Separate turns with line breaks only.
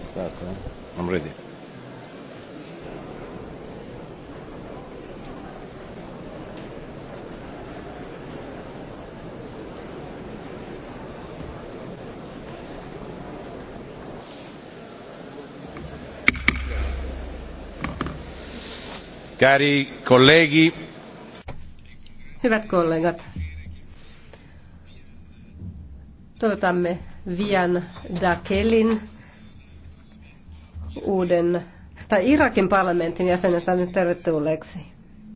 Start, huh? Eh?
I'm ready.
Cari colleghi,
Hyvät kollegat, Toivotamme Vian Dakelin uuden, tai Irakin parlamentin jäsenet tänne tervetulleeksi.